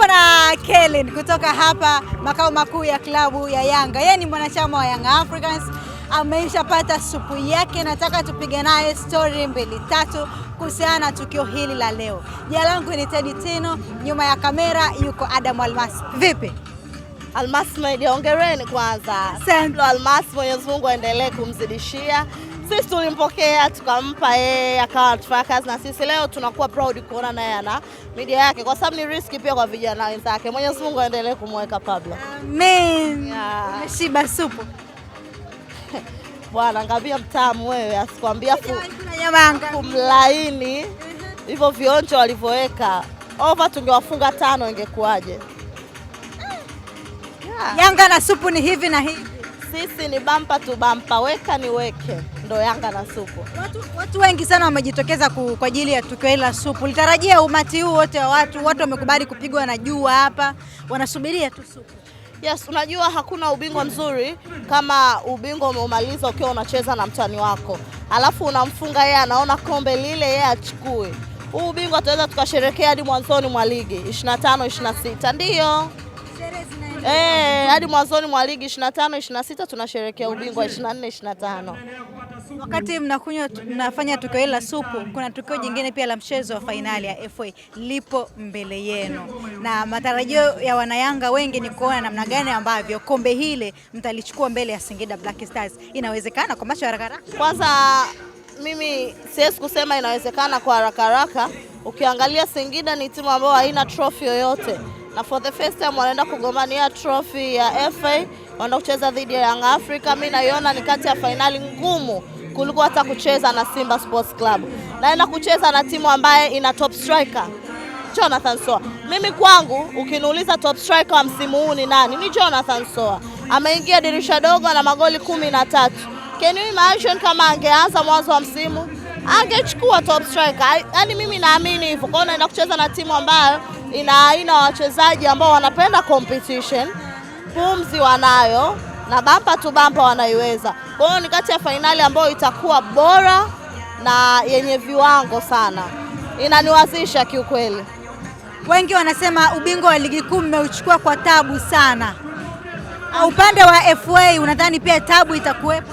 Tupo na Kellen kutoka hapa makao makuu ya klabu ya Yanga. Yeye ni mwanachama wa Young Africans, ameishapata supu yake. Nataka tupige naye stori mbili tatu kuhusiana na tukio hili la leo. Jina langu ni Teddy Tino, nyuma ya kamera yuko Adam Almas. Vipi Almasi? ongereni kwanza. Almas, Mwenyezi Mungu aendelee kumzidishia sisi tulimpokea tukampa yeye, akawa anatufanya kazi na sisi. Leo tunakuwa proud kuona naye ana media yake, kwa sababu ni riski pia kwa vijana wenzake. Mwenyezi Mungu aendelee kumweka Pablo. Amen. Yeah. Umeshiba supu bwana, ngambia mtamu wewe, asikwambia yaani kumlaini uh-huh. hivyo vionjo walivyoweka over, tungewafunga tano ingekuwaje? Yeah. Yanga na supu ni hivi na hivi sisi ni bampa tu bampa, weka ni weke, ndo Yanga na supu. Watu, watu wengi sana wamejitokeza kwa ajili ya tukio hili la supu. Litarajia umati huu wote wa watu, watu wamekubali kupigwa na jua hapa, wanasubiria tu supu. Yes, unajua hakuna ubingwa mzuri kama ubingwa umeumaliza ukiwa unacheza na mtani wako, alafu unamfunga yeye, anaona kombe lile yeye achukue. Huu ubingwa tunaweza tukasherekea hadi mwanzoni mwa ligi 25 26, ndiyo. Eh, hadi mwanzoni mwa ligi 25 26 tunasherehekea ubingwa 24 25. Wakati mnakunywa mnafanya tukio hili la supu, kuna tukio jingine pia la mchezo wa fainali ya FA lipo mbele yenu, na matarajio ya wanayanga wengi ni kuona namna gani ambavyo kombe hili mtalichukua mbele ya Singida Black Stars. Inawezekana kwa macho haraka haraka? Kwanza mimi siwezi kusema inawezekana kwa haraka haraka. Ukiangalia Singida ni timu ambayo haina trophy yoyote na for the first time wanaenda kugombania trophy ya FA, wanaenda kucheza dhidi ya Young Africa. Mimi naiona ni kati ya fainali ngumu kuliko hata kucheza na Simba Sports Club. Naenda kucheza na timu ambaye ina top striker Jonathan Soa. Mimi kwangu ukiniuliza top striker wa msimu huu ni nani? Ni Jonathan Soa. Ameingia dirisha dogo na magoli kumi na tatu. Can you imagine kama angeanza mwanzo wa msimu angechukua top striker? Yaani mimi naamini hivyo. Kwa hiyo naenda kucheza na timu ambayo ina aina wachezaji ambao wanapenda competition, pumzi wanayo na bampa tu bampa wanaiweza. Kwa hiyo ni kati ya fainali ambayo itakuwa bora na yenye viwango sana, inaniwazisha kiukweli. Wengi wanasema ubingwa wa ligi kuu mmeuchukua kwa tabu sana. Upande wa FA unadhani pia tabu itakuwepo?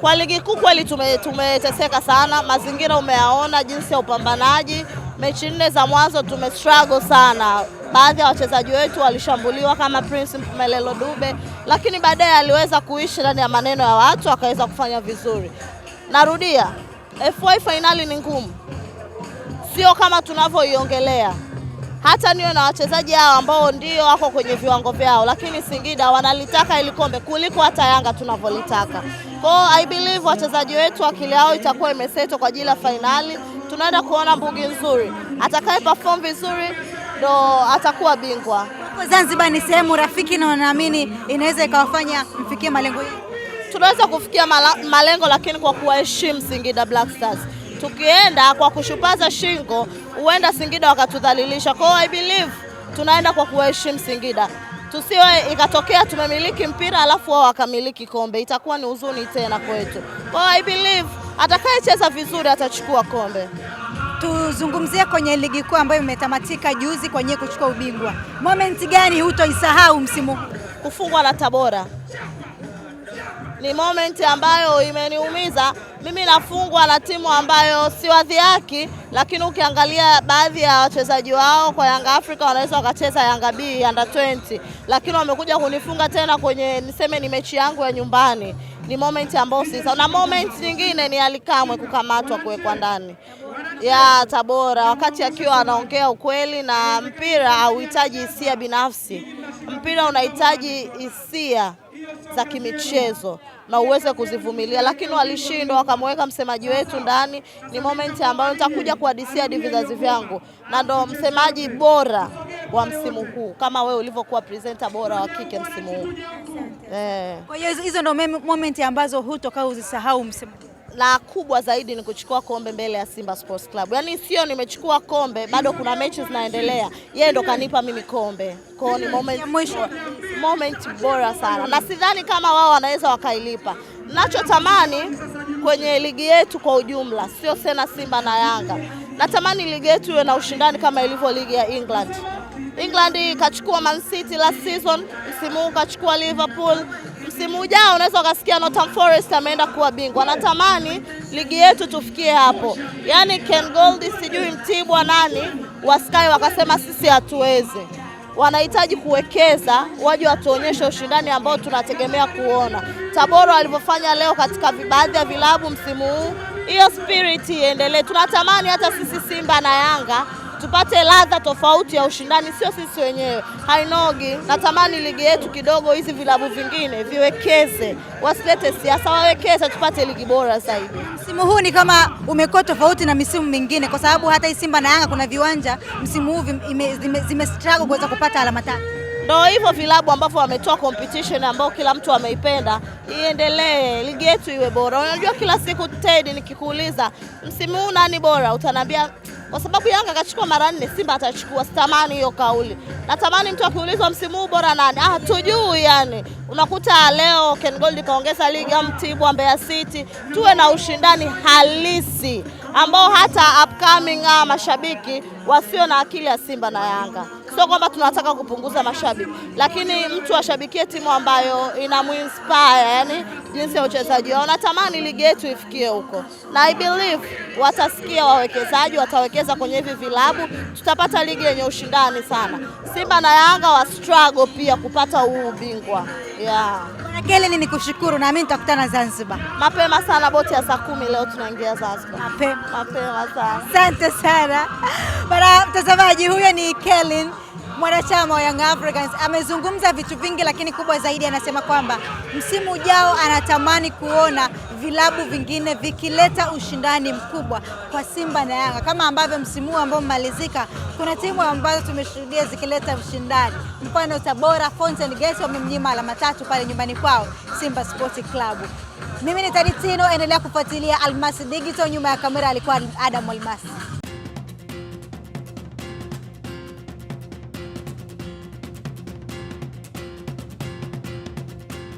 Kwa ligi kuu kweli tumeteseka sana, mazingira umeyaona jinsi ya upambanaji mechi nne za mwanzo tumestruggle sana, baadhi ya wachezaji wetu walishambuliwa kama Prince Melelo Dube, lakini baadaye aliweza kuishi ndani ya maneno ya watu akaweza kufanya vizuri. Narudia, FA fainali ni ngumu, sio kama tunavyoiongelea hata niwe na wachezaji hao ambao ndio wako kwenye viwango vyao, lakini Singida wanalitaka ili kombe kuliko hata Yanga tunavyolitaka. Kwa I believe wachezaji wetu akili yao itakuwa imesetwa kwa ajili ya fainali, tunaenda kuona mbugi nzuri, atakaye perform vizuri ndo atakuwa bingwa. Zanzibar ni sehemu rafiki na naamini inaweza ikawafanya mfikie malengo yenu. Tunaweza kufikia mala, malengo lakini kwa kuwaheshimu Singida Black Stars. Tukienda kwa kushupaza shingo, huenda Singida wakatudhalilisha. Kwa hiyo I believe tunaenda kwa kuwaheshimu Singida, tusiwe ikatokea tumemiliki mpira alafu wao wakamiliki kombe, itakuwa ni huzuni tena kwetu. Kwa hiyo I believe atakayecheza vizuri atachukua kombe. Tuzungumzie kwenye ligi kuu ambayo imetamatika juzi kwenye kuchukua ubingwa, moment gani hutoisahau msimu huu? Kufungwa na Tabora ni moment ambayo imeniumiza mimi. Nafungwa na timu ambayo si wadhi lakini ukiangalia baadhi ya wachezaji wao kwa Yanga Afrika wanaweza wakacheza Yanga B under 20, lakini wamekuja kunifunga tena kwenye niseme ni mechi yangu ya nyumbani ni moment ambayo sisa na moment nyingine ni Alikamwe kukamatwa kuwekwa ndani ya Tabora wakati akiwa anaongea ukweli, na mpira hauhitaji hisia binafsi, mpira unahitaji hisia za kimichezo na uweze kuzivumilia, lakini walishindwa, wakamweka msemaji wetu ndani. Ni momenti ambayo nitakuja kuhadisia hadi vizazi vyangu, na ndo msemaji bora wa msimu huu kama wewe ulivyokuwa presenter bora wa kike msimu huu. Eh. Kwa hiyo hizo ndio moment ambazo hutoka uzisahau msimu La kubwa zaidi ni kuchukua kombe mbele ya Simba Sports Club. Yaani sio nimechukua kombe, bado kuna mechi zinaendelea. Yeye ndo kanipa mimi kombe. Kwa hiyo ni moment mwisho, moment bora sana, na sidhani kama wao wanaweza wakailipa. Nachotamani kwenye ligi yetu kwa ujumla, sio sena Simba na Yanga, natamani ligi yetu iwe na ushindani kama ilivyo ligi ya England. England ikachukua Man City last season, msimu huu kachukua Liverpool. Msimu ujao unaweza ukasikia Nottingham Forest ameenda kuwa bingwa. Natamani ligi yetu tufikie hapo, yaani Ken Gold sijui Mtibwa nani wa Sky wakasema sisi hatuwezi. Wanahitaji kuwekeza, waje watuonyeshe ushindani ambao tunategemea kuona. Tabora walivyofanya leo katika baadhi ya vilabu msimu huu, hiyo spirit iendelee. Tunatamani hata sisi Simba na Yanga tupate ladha tofauti ya ushindani, sio sisi wenyewe hainogi. Natamani ligi yetu kidogo, hizi vilabu vingine viwekeze, wasilete siasa, wawekeze tupate ligi bora zaidi. Msimu huu ni kama umekuwa tofauti na misimu mingine, kwa sababu hata hii Simba na Yanga kuna viwanja msimu huu zime struggle kuweza kupata alama tatu. Ndo hivyo vilabu ambavyo wametoa competition ambao kila mtu ameipenda iendelee, ligi yetu iwe bora. Unajua, kila siku Ted, nikikuuliza msimu huu nani bora, utanambia kwa sababu Yanga akachukua mara nne, Simba atachukua. Sitamani hiyo kauli. Natamani mtu akiulizwa msimu huu bora nani, ah, tujui. Yani unakuta leo Ken Gold kaongeza ligi au Mtibwa, Mbeya City, tuwe na ushindani halisi ambao hata upcoming ah, mashabiki wasio na akili ya Simba na Yanga Sio kwamba tunataka kupunguza mashabiki, lakini mtu ashabikie timu ambayo inamuinspire, yani jinsi ya uchezaji wao. Natamani ligi yetu ifikie huko, na I believe watasikia wawekezaji, watawekeza kwenye hivi vilabu, tutapata ligi yenye ushindani sana. Simba na Yanga wa struggle pia kupata huu ubingwa yeah. Keleni ni kushukuru na mimi nitakutana Zanzibar mapema sana, boti ya saa kumi leo tunaingia Zanzibar mapema, mapema sana. Asante sana bana mtazamaji, huyo ni Kelin mwanachama wa Young Africans amezungumza vitu vingi, lakini kubwa zaidi anasema kwamba msimu ujao anatamani kuona vilabu vingine vikileta ushindani mkubwa kwa Simba na Yanga kama ambavyo msimu huu ambao umemalizika kuna timu ambazo tumeshuhudia zikileta ushindani, mfano Tabora Fountain Gate wamemnyima alama tatu pale nyumbani kwao Simba Sports Club. Mimi ni Taditino, endelea kufuatilia Almasi Digital. Nyuma ya kamera alikuwa Adam Almasi.